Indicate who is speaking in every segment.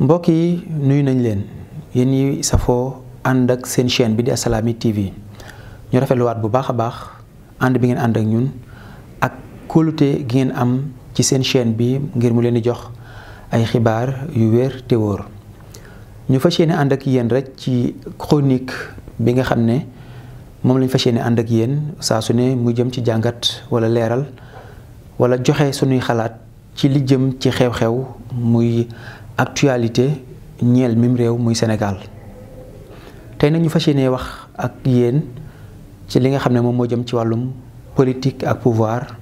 Speaker 1: mbokk yi nuyu nañ leen yéen ñi safoo ànd ak seen chaîne bi di Assalaamy TV ñu rafetluwaat bu baax a baax ànd bi ngeen ànd ak ñun ak kóolute gi ngeen am ci seen chaîne bi ngir mu leen di jox ay xibaar yu wér te wóor ñu fas yéene ànd ak yéen rek ci chronique bi nga xam ne moom lañ fas yéene ànd ak yéen saa su ne mu jëm ci jàngat walla leeral wala joxe sunuy xalaat ci li jëm ci xew-xew muy actualité ñeel mim réew muy Sénégal tey nag ñu fas yéene wax ak yéen ci li nga xam ne moom moo jëm ci wàllum politique ak pouvoir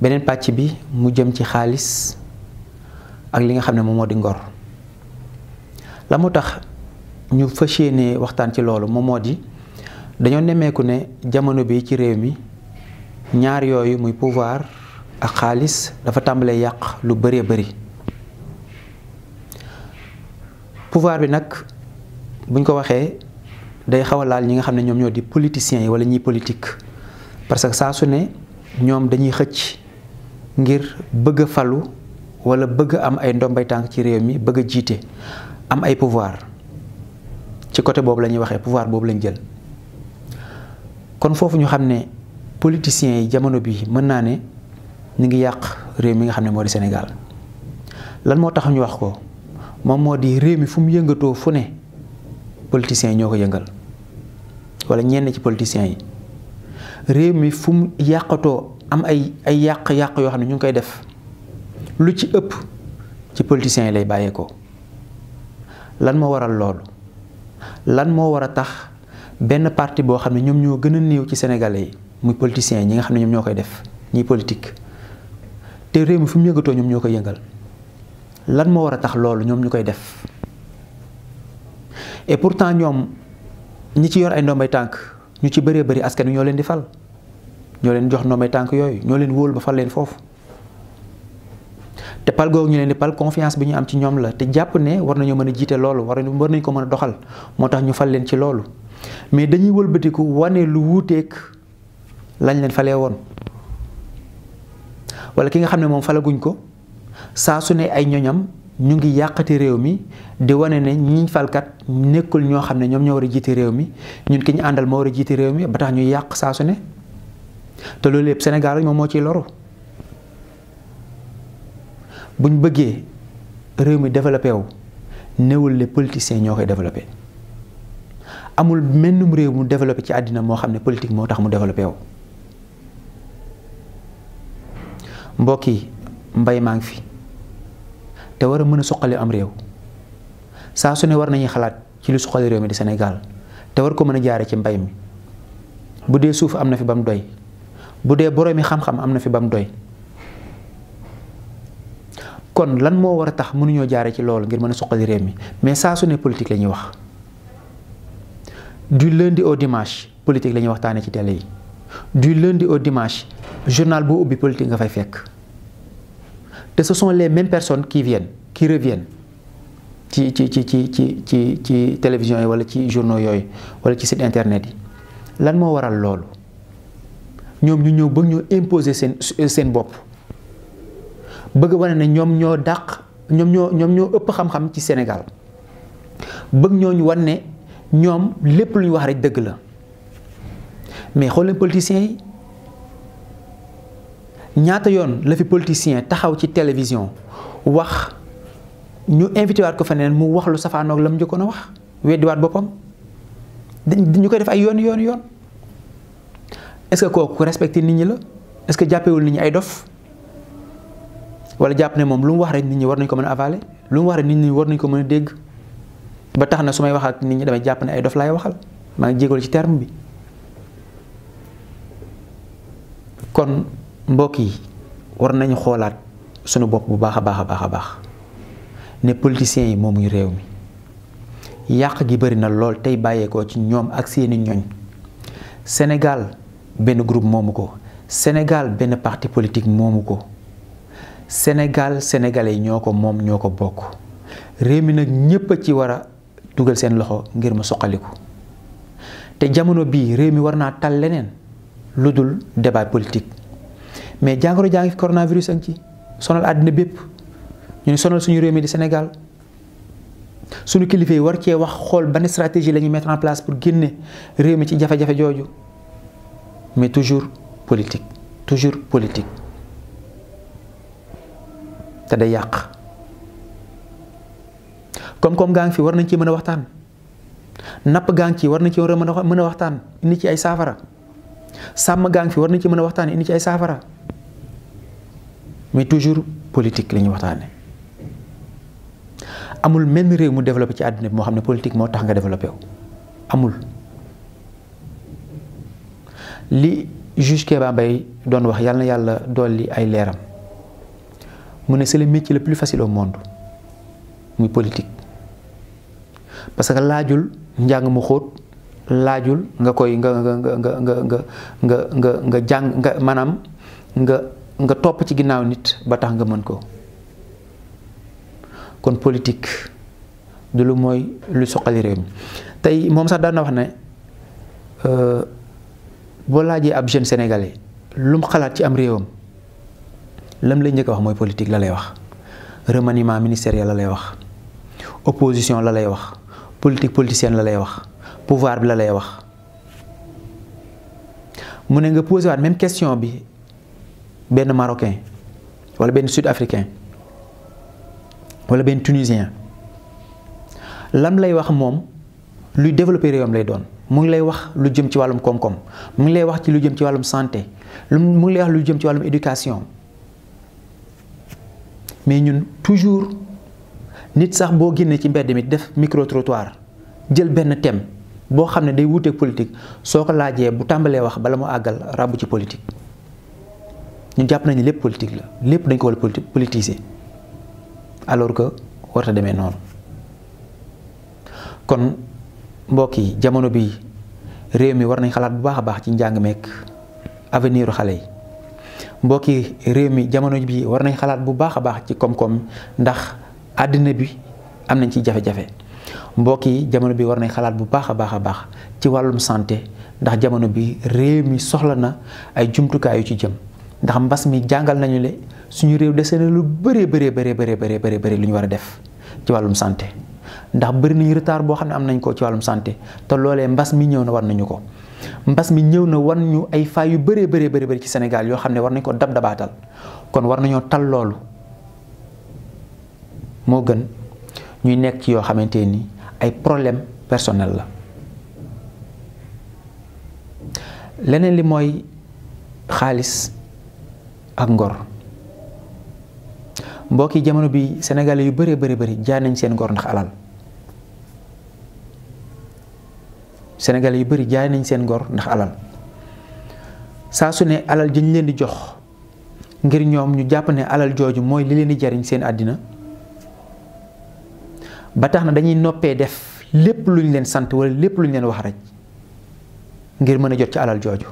Speaker 1: beneen pàcc bi mu jëm ci xaalis ak li nga xam ne moom moo di ngor la mu tax ñu fas yéene waxtaan ci loolu moom moo di dañoo nemmeeku ne jamono bi ci réew mi ñaar yooyu muy pouvoir ak xaalis dafa tàmbalee yàq lu bëree bari pouvoir bi nag buñ ko waxee day xaw a laal ñi nga xam ne ñoom ñoo di politiciens yi wala ñiy politique parce que saa su ne ñoom dañuy xëcc ngir bëgg falu wala bëgg am ay ndombay tànk ci réew mi bëgg jiite am ay pouvoir ci côté boobu la ñuy waxee pouvoir boobu lañu jël kon foofu ñu xam ne politiciens yi jamono bii mën naa ne ñu ngi yàq réew mi nga xam ne moo di Sénégal lan moo tax ñu wax ko moom moo di réew mi fu mu yëngatoo fu ne politiciens yi ñoo ko yëngal wala ñenn ci politiciens yi réew mi fu mu yàqatoo am ay ay yàq-yàq yoo xam ne ñu ngi koy def lu ci ëpp ci politiciens yi lay bàyyeekoo lan moo waral loolu lan moo war a tax benn parti boo xam ne ñoom ñoo gën a néew ci sénégalais yi muy politiciens yi ñi nga xam ne ñoom ñoo koy def ñiy politique te réew mi fu mu yëngatoo ñoom ñoo koy yëngal. lan moo war a tax loolu ñoom ñu koy def et pourtant ñoom ñi ci yor ay ndombay tànk ñu ci bëree bëri askan wi ñoo leen di fal ñoo leen jox ndombay tànk yooyu ñoo leen wóol ba fal leen foofu te pal googu ñu leen di pal confiance bi ñu am ci ñoom la te jàpp ne war nañoo mën a jiite loolu war nañu war nañ ko mën a doxal moo tax ñu fal leen ci loolu mais dañuy wëlbatiku wane lu wuuteeg lañ leen falee woon wala ki nga xam ne moom falaguñ ko. saa su ne ay ñoñam ñu ngi yàqati réew mi di wane ne ñiñ falkat nekkul ñoo xam ne ñoom ñoo war a jiite réew mi ñun ki ñu àndal moo war a jiite réew mi ba tax ñu yàq saa su ne te loolu yëpp Sénégal moom moo ciy loru buñ bëggee réew mi développé wu néewul les politiciens ñoo koy développé amul mennum réew mu développé ci àddina moo xam ne politique moo tax mu développé wu mbokk yi mbay maa ngi fi. te war a mën a suqali am réew saa su ne war nañuy xalaat ci lu suqali réew mi di Sénégal te war ko mën a jaare ci mbay mi bu dee suuf am na fi ba mu doy bu dee boroomi xam-xam am na fi ba mu doy kon lan moo war a tax mënuñoo jaare ci loolu ngir mën a suqali réew mi mais saa su ne politique la ñuy wax du lundi au dimanche politique lañuy ñuy waxtaanee ci télé yi du lendi au dimanche journal bu ubbi politique nga fay fekk. te ce sont les mêmes personnes qui viennent qui reviennent ci ci ci ci ci ci ci télévision yi wala ci journaux yooyu wala ci site internet yi lan moo waral loolu ñoom ñu ñëw bëgg ñu imposer seen seen bopp bëgg wane ne ñoom ñoo dàq ñoom ñoo ñoom ñoo ëpp xam ci Sénégal bëgg ñooñu wan ne ñoom lépp lu wax rek dëgg la mais xool leen politiciens yi ñaata yoon la fi politicien taxaw ci télévision wax ñu invitéwaat waat ko feneen mu wax lu safaanoog la mu njëkkoon a wax weddiwaat boppam ñu koy def ay yoon yoon yoon est-ce kooku respecté nit ñi la est que jàppewul nit ñi ay dof wala jàpp ne moom lu mu wax rek nit ñi war nañ ko mën a avalé lu mu wax rek nit ñi war nañ ko mën a dégg ba tax na su may wax ak nit ñi damay jàpp ne ay dof laay waxal maa ngi jégalu ci terme bi kon mbokk yi war nañu xoolaat sunu bopp bu baax a baax a baax a baax ne politiciens yi moomuy réew mi yàq gi bëri na lool tey bàyyeekoo ci ñoom ak seeni ñoñ senegal benn groupe moomu ko senegal benn parti politique moomu ko senegal sénégalais ñoo ko moom ñoo ko bokk réew mi nag ñépp ci war a dugal seen loxo ngir mu soqaliku te jamono bii réew mi war naa tal leneen lu dul débat politique. mais jàngoro jaa ngi fi coronavirus a ngi ci sonal àddina bépp ñu ne sonal suñu réew mi di Sénégal suñu kilifa yi war cee wax xool ban stratégie la ñuy mettre place pour génne réew mi ci jafe-jafe jooju mais toujours politique toujours politique te day yàq koom-koom gaa ngi fi war nañ ci mën a waxtaan napp gaa ngi ci war nañ ci mën a waxtaan indi ci ay saafara. sàmm gaa ngi fi war nañ ci mën a waxtaan indi ci ay saafara mais toujours politique la ñuy waxtaane amul menn réew mu développé ci àddina bi moo xam ne politique moo tax nga développé amul li juge Kéba doon wax yàlla yàlla dool li ay leeram mu ne c'est le métier le plus facile monde muy politique parce que laajul njàng mu xóot laajul nga koy nga nga nga nga nga nga nga nga jàng nga maanaam nga nga topp ci ginnaaw nit ba tax nga mën ko kon politique du lu mooy lu soqali réew mi tey moom sax daan na wax ne euh, boo laajee ab jeune sénégalais lu mu xalaat ci am réewam lam lay njëkk wax mooy politique la lay wax remaniement ministériel la lay wax opposition la lay wax politique politicienne la lay wax. pouvoir bi la lay wax mu ne nga posé waat question bi benn marocain wala benn sud africain wala benn tunisien lam lay wax moom luy développé réewam lay doon mu ngi lay wax lu jëm ci wàllum koom-koom mu ngi lay wax ci lu jëm ci wàllum santé lu mu ngi lay wax lu jëm ci wàllum éducation mais ñun toujours nit sax boo génnee ci mbedd mi def micro jël benn thème. boo xam ne day wuuteeg politique soo ko laajee bu tàmbalee wax bala mu àggal ràbbu ci politique ñu jàpp nañu lépp politique la lépp dañ ko war a politiser alors que warta demee noonu kon mbokk yi jamono bi réew mi war nañ xalaat bu baax a baax ci njàng meek aveniru xale yi mbokk yi réew mi jamono bi war nañ xalaat bu baax a baax ci koom-koom ndax àddina bi am nañ ci jafe-jafe mbokk yi jamono bi war nañ xalaat bu baax a baax a baax ci wàllum santé ndax jamono bi réew mi soxla na ay jumtukaay yu ci jëm ndax mbas mi jàngal nañu le suñu réew dese na lu bëree bëree bëree bëree bëree bëri lu ñu war a def ci wàllum santé ndax bëri nañu retard boo xam ne am nañ ko ci wàllum santé te loolee mbas mi ñëw na war nañu ko mbas mi ñëw na wan ñu ay faay yu bëree bëree bëri ci senegal yoo xam ne war nañ ko dab dabaatal kon war nañoo tal loolu moo ñuy nekk ci yoo xamante ni ay problème personnel la leneen li mooy xaalis ak ngor mbokki jamono bi sénégalais yu bëree bëri bëri jaay nañ seen ngor ndax alal sénégalais yu bëri jaay nañ seen ngor ndax alal saa su ne alal jëñ leen di jox ngir ñoom ñu jàpp ne alal jooju mooy li leen di jariñ seen àddina ba tax na dañuy noppee def lépp lu ñu leen sant wala lépp lu ñu leen wax rek ngir mën a jot ci alal jooju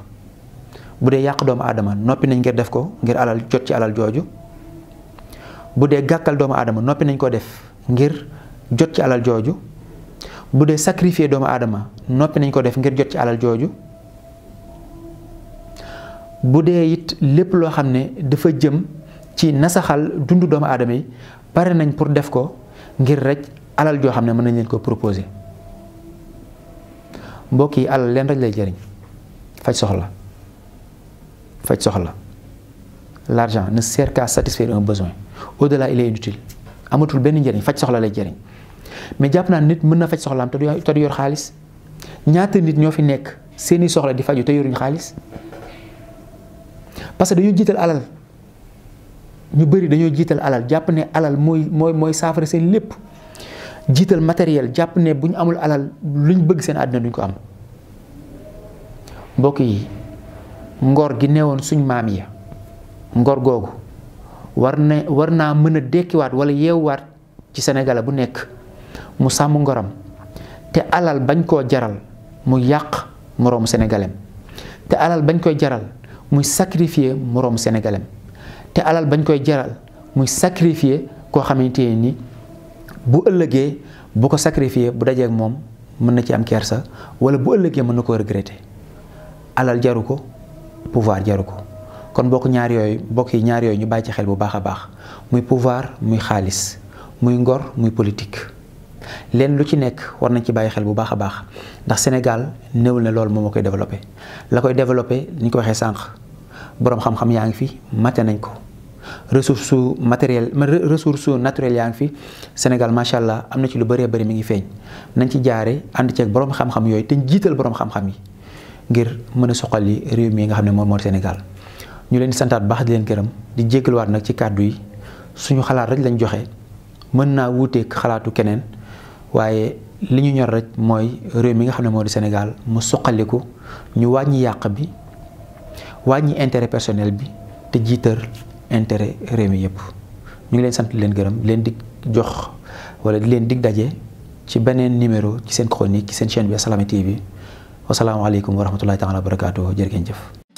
Speaker 1: bu dee yàq doomu aadama noppi nañ ngir def ko ngir alal jot ci alal jooju bu dee gàkkal doomu aadama noppi nañ ko def ngir jot ci alal jooju bu dee sacrifier doomu aadama noppi nañ ko def ngir jot ci alal jooju bu dee it lépp loo xam ne dafa jëm ci nasaxal dundu doomu aadama yi pare nañ pour def ko ngir rek alal joo xam ne mën nañ leen ko proposer mbokk yi alal leen rek lay jariñ faj soxla faj soxla l'argent ne sert qu'à satisfaire un besoin au-delà il amatul benn njëriñ faj soxla lay jëriñ mais jàpp naa nit mën na faj soxlaam te te du yor xaalis ñaata nit ñoo fi nekk seeni soxla di faju te yoruñ xaalis parce que dañoo jiital alal ñu bëri dañoo jiital alal jàpp ne alal mooy mooy mooy saafara seen lépp. jiital matériel jàpp ne bu ñu amul alal luñ bëgg seen àddina duñ ko am mbokk yi ngor gi newoon suñ maam yi ngor googu war ne war naa mën a dekkiwaat wala yeewwaat ci Sénégal bu nekk mu sàmm ngoram te alal bañ koo jaral muy yàq moroomu sénégalem te alal bañ koy jaral muy sacrifier moroomu sénégalem te alal bañ koy jaral muy sacrifier koo xamante ni bu ëllëgee bu ko sacrifié bu dajeeg moom mën na ci am kersa wala bu ëllëgee mën na koo regretté alal jaru ko pouvoir jaru ko kon bokk ñaar yooyu bokk yi ñaar yooyu ñu bàyyi ci xel bu baax a baax muy pouvoir muy xaalis muy ngor muy politique leen lu ci nekk war nañ ci bàyyi xel bu baax a baax ndax Sénégal néewul ne loolu moom moo koy développé la koy développé ni ñu ko waxee sànq boroom xam-xam yaa ngi fi mate nañ ko ressource matériel ressource naturelle yaa ngi fi Sénégal macha allah am na ci lu baree bëri mi ngi feeñ nañ ci jaare ànd ceeg boroom xam-xam yooyu te jiital borom xam-xam yi ngir mën a suqali réew mii nga xam ne moom moo Sénégal ñu leen di santaat baax di leen gërëm di jégaluwaat nag ci kàddu yi suñu xalaat rek lañ joxe mën naa wuuteeg xalaatu keneen waaye li ñu ñor rek mooy réew mi nga xam ne moo di Sénégal mu suqaliku ñu wàññi yàq bi wàññi intérêt personnel bi te jiital intérêt réew mi yëpp ñu ngi leen sant leen gërëm leen di jox wala di leen dig daje ci beneen numéro ci seen chronique ci seen chaîne bi Assalaamy TV wasalaamualeykum wa rahmatullahi taala wa barakaatu jërë ngeen jëf